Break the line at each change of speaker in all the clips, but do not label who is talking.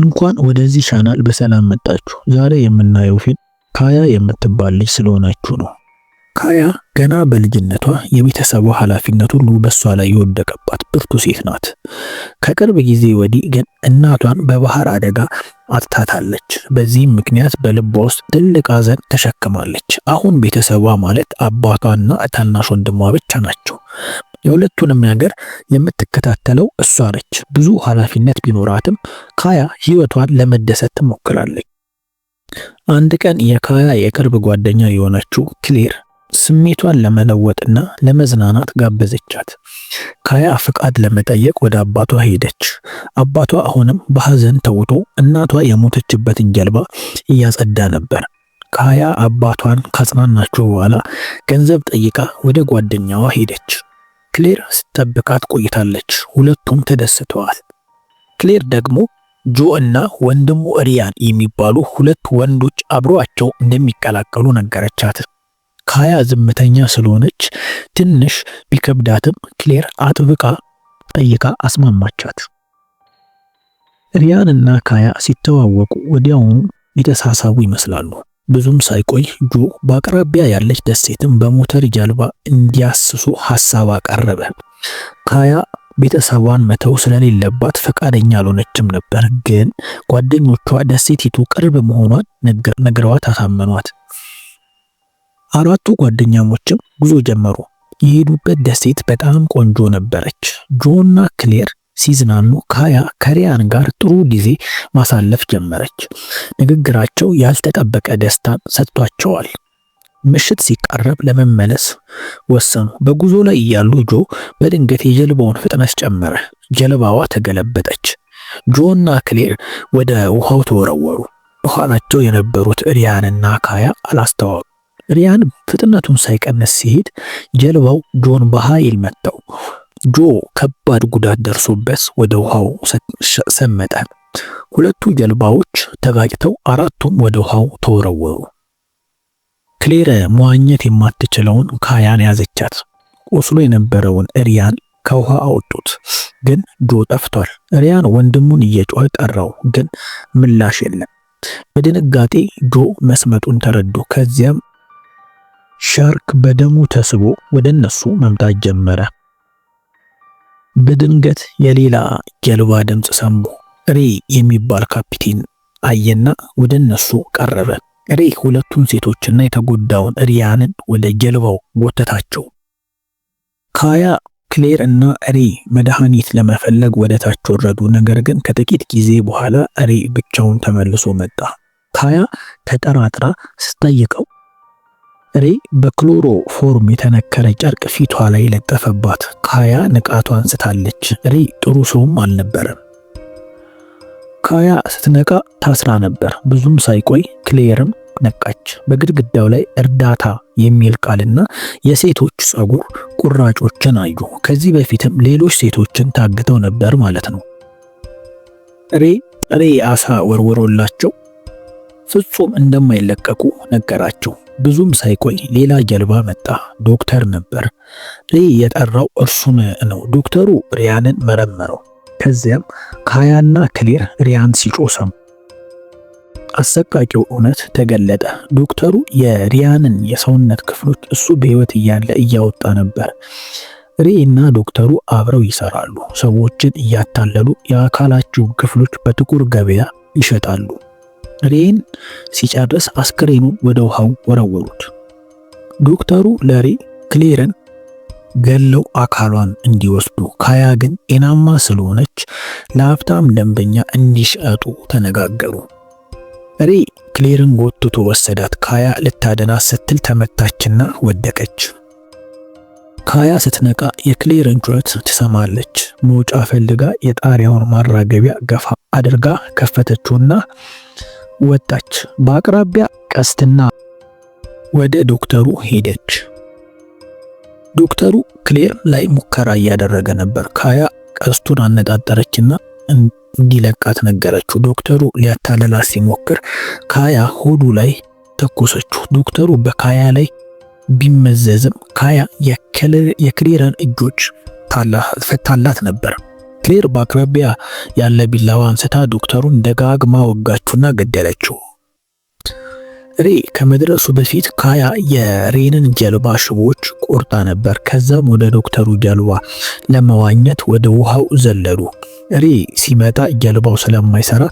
እንኳን ወደዚህ ቻናል በሰላም መጣችሁ። ዛሬ የምናየው ፊልም ካያ የምትባል ልጅ ስለሆናችሁ ነው። ካያ ገና በልጅነቷ የቤተሰቧ ኃላፊነት ሁሉ በሷ ላይ የወደቀባት ብርቱ ሴት ናት። ከቅርብ ጊዜ ወዲህ ግን እናቷን በባህር አደጋ አጥታታለች። በዚህም ምክንያት በልቧ ውስጥ ትልቅ ሐዘን ተሸክማለች። አሁን ቤተሰቧ ማለት አባቷና ታናሽ ወንድሟ ብቻ ናቸው። የሁለቱንም ነገር የምትከታተለው እሷ ነች። ብዙ ኃላፊነት ቢኖራትም ካያ ህይወቷን ለመደሰት ትሞክራለች። አንድ ቀን የካያ የቅርብ ጓደኛ የሆነችው ክሌር ስሜቷን ለመለወጥና ለመዝናናት ጋበዘቻት። ካያ ፍቃድ ለመጠየቅ ወደ አባቷ ሄደች። አባቷ አሁንም በሐዘን ተውጦ እናቷ የሞተችበትን ጀልባ እያጸዳ ነበር። ካያ አባቷን ካጽናናቸው በኋላ ገንዘብ ጠይቃ ወደ ጓደኛዋ ሄደች። ክሌር ስትጠብቃት ቆይታለች። ሁለቱም ተደስተዋል። ክሌር ደግሞ ጆ እና ወንድሙ ሪያን የሚባሉ ሁለት ወንዶች አብረዋቸው እንደሚቀላቀሉ ነገረቻት። ካያ ዝምተኛ ስለሆነች ትንሽ ቢከብዳትም ክሌር አጥብቃ ጠይቃ አስማማቻት። ሪያን እና ካያ ሲተዋወቁ ወዲያውኑ የተሳሳቡ ይመስላሉ። ብዙም ሳይቆይ ጆ በአቅራቢያ ያለች ደሴትን በሞተር ጀልባ እንዲያስሱ ሐሳብ አቀረበ። ካያ ቤተሰቧን መተው ስለሌለባት ፈቃደኛ አልሆነችም ነበር፣ ግን ጓደኞቿ ደሴቲቱ ቅርብ መሆኗን ነግረዋት አሳመኗት። አራቱ ጓደኛሞችም ጉዞ ጀመሩ። የሄዱበት ደሴት በጣም ቆንጆ ነበረች። ጆና ክሌር ሲዝናኑ ከሪያን ጋር ጥሩ ጊዜ ማሳለፍ ጀመረች። ንግግራቸው ያልተጠበቀ ደስታን ሰጥቷቸዋል። ምሽት ሲቃረብ ለመመለስ ወሰኑ። በጉዞ ላይ እያሉ ጆ በድንገት የጀልባውን ፍጥነት ጨመረ። ጀልባዋ ተገለበጠች። ጆ እና ክሌር ወደ ውሃው ተወረወሩ። በኋላቸው የነበሩት ሪያንና ካያ አላስተዋሉ። ሪያን ፍጥነቱን ሳይቀንስ ሲሄድ ጀልባው ጆን በኃይል መታው። ጆ ከባድ ጉዳት ደርሶበት ወደ ውሃው ሰመጠ። ሁለቱ ጀልባዎች ተጋጭተው አራቱም ወደ ውሃው ተወረወሩ። ክሌረ መዋኘት የማትችለውን ካያን ያዘቻት። ቆስሎ የነበረውን እሪያን ከውሃ አወጡት፣ ግን ጆ ጠፍቷል። እሪያን ወንድሙን እየጮኸ ጠራው፣ ግን ምላሽ የለም። በድንጋጤ ጆ መስመጡን ተረዱ። ከዚያም ሻርክ በደሙ ተስቦ ወደ እነሱ መምጣት ጀመረ። በድንገት የሌላ ጀልባ ድምፅ ሰሙ። ሬ የሚባል ካፒቴን አየና ወደ እነሱ ቀረበ። ሬ ሁለቱን ሴቶችና የተጎዳውን ሪያንን ወደ ጀልባው ጎተታቸው። ካያ ክሌር እና ሬ መድኃኒት ለመፈለግ ወደ ታች ወረዱ። ነገር ግን ከጥቂት ጊዜ በኋላ ሬ ብቻውን ተመልሶ መጣ። ካያ ተጠራጥራ ስጠይቀው ሬ በክሎሮ ፎርም የተነከረ ጨርቅ ፊቷ ላይ ለጠፈባት። ካያ ንቃቷ አንስታለች። ሬ ጥሩ ሰውም አልነበረም። ካያ ስትነቃ ታስራ ነበር። ብዙም ሳይቆይ ክሌርም ነቃች። በግድግዳው ላይ እርዳታ የሚል ቃልና የሴቶች ጸጉር ቁራጮችን አዩ። ከዚህ በፊትም ሌሎች ሴቶችን ታግተው ነበር ማለት ነው። ሬ ሬ አሳ ወርወሮላቸው ፍጹም እንደማይለቀቁ ነገራቸው። ብዙም ሳይቆይ ሌላ ጀልባ መጣ። ዶክተር ነበር ሪ የጠራው እርሱን ነው። ዶክተሩ ሪያንን መረመረው። ከዚያም ካያና ክሌር ሪያን ሲጮህ ሰሙ። አሰቃቂው እውነት ተገለጠ። ዶክተሩ የሪያንን የሰውነት ክፍሎች እሱ በህይወት እያለ እያወጣ ነበር። ሪ እና ዶክተሩ አብረው ይሰራሉ። ሰዎችን እያታለሉ የአካላቸውን ክፍሎች በጥቁር ገበያ ይሸጣሉ። ሬን ሲጨርስ አስክሬኑን ወደ ውሃው ወረወሩት። ዶክተሩ ለሬ ክሌርን ገለው አካሏን እንዲወስዱ ካያ ግን ጤናማ ስለሆነች ለሀብታም ደንበኛ እንዲሸጡ ተነጋገሩ። ሬ ክሌርን ጎትቶ ወሰዳት። ካያ ልታደና ስትል ተመታችና ወደቀች። ካያ ስትነቃ የክሌርን ጩኸት ትሰማለች። መውጫ ፈልጋ የጣሪያውን ማራገቢያ ገፋ አድርጋ ከፈተችውና ወጣች። በአቅራቢያ ቀስትና ወደ ዶክተሩ ሄደች። ዶክተሩ ክሌር ላይ ሙከራ እያደረገ ነበር። ካያ ቀስቱን አነጣጠረችና እንዲለቃት ነገረችው። ዶክተሩ ሊያታለላት ሲሞክር ካያ ሆዱ ላይ ተኮሰችው። ዶክተሩ በካያ ላይ ቢመዘዝም ካያ የክሌርን እጆች ፈታላት ነበር። ክሌር በአቅራቢያ ያለ ቢላዋ አንስታ ዶክተሩን ደጋግማ ወጋችሁና ገደለችው። ሬ ከመድረሱ በፊት ካያ የሬንን ጀልባ ሽቦች ቆርጣ ነበር። ከዛም ወደ ዶክተሩ ጀልባ ለመዋኘት ወደ ውሃው ዘለሉ። ሬ ሲመጣ ጀልባው ስለማይሰራ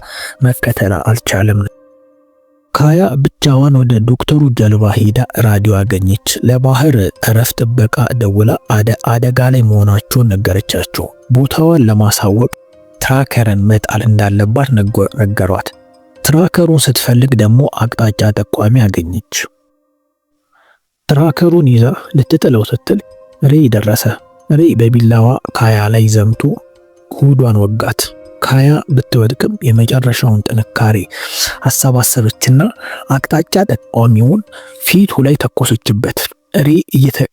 መከተል አልቻለም። ካያ ብቻዋን ወደ ዶክተሩ ጀልባ ሄዳ ራዲዮ አገኘች። ለባህር ጠረፍ ጥበቃ ደውላ አደጋ ላይ መሆናቸውን ነገረቻቸው። ቦታዋን ለማሳወቅ ትራከርን መጣል እንዳለባት ነገሯት። ትራከሩን ስትፈልግ ደግሞ አቅጣጫ ጠቋሚ አገኘች። ትራከሩን ይዛ ልትጥለው ስትል ሬይ ደረሰ። ሬይ በቢላዋ ካያ ላይ ዘምቶ ሆዷን ወጋት። ካያ ብትወድቅም የመጨረሻውን ጥንካሬ አሰባሰበችና አቅጣጫ ጠቋሚውን ፊቱ ላይ ተኮሰችበት። ሬ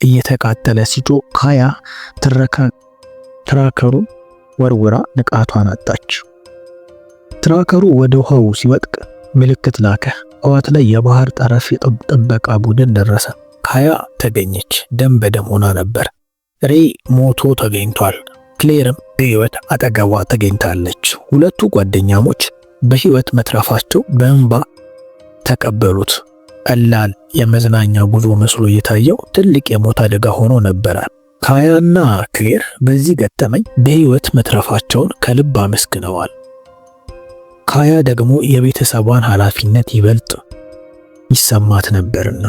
እየተቃጠለ ሲጮ ካያ ትራከሩን ወርውራ ንቃቷን አጣች። ትራከሩ ወደ ውሃው ሲወጥቅ ምልክት ላከ። እዋት ላይ የባህር ጠረፍ ጥበቃ ቡድን ደረሰ። ካያ ተገኘች። ደም በደም ሆና ነበር። ሬ ሞቶ ተገኝቷል። ክሌርም በህይወት አጠገቧ ተገኝታለች። ሁለቱ ጓደኛሞች በህይወት መትረፋቸው በእንባ ተቀበሉት። ቀላል የመዝናኛ ጉዞ መስሎ የታየው ትልቅ የሞት አደጋ ሆኖ ነበረ። ካያና ክሌር በዚህ ገጠመኝ በህይወት መትረፋቸውን ከልብ አመስግነዋል። ካያ ደግሞ የቤተሰቧን ኃላፊነት ይበልጥ ይሰማት ነበርና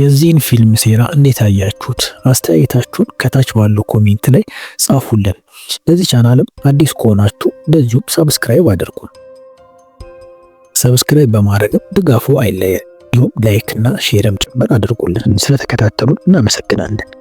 የዚህን ፊልም ሴራ እንዴት አያችሁት? አስተያየታችሁን ከታች ባለው ኮሜንት ላይ ጻፉልን። ለዚህ ቻናልም አዲስ ከሆናችሁ እንደዚሁም ሰብስክራይብ አድርጉ። ሰብስክራይብ በማድረግም ድጋፉ አይለየ። እንዲሁም ላይክ እና ሼርም ጭምር አድርጉልን። ስለተከታተሉን እናመሰግናለን።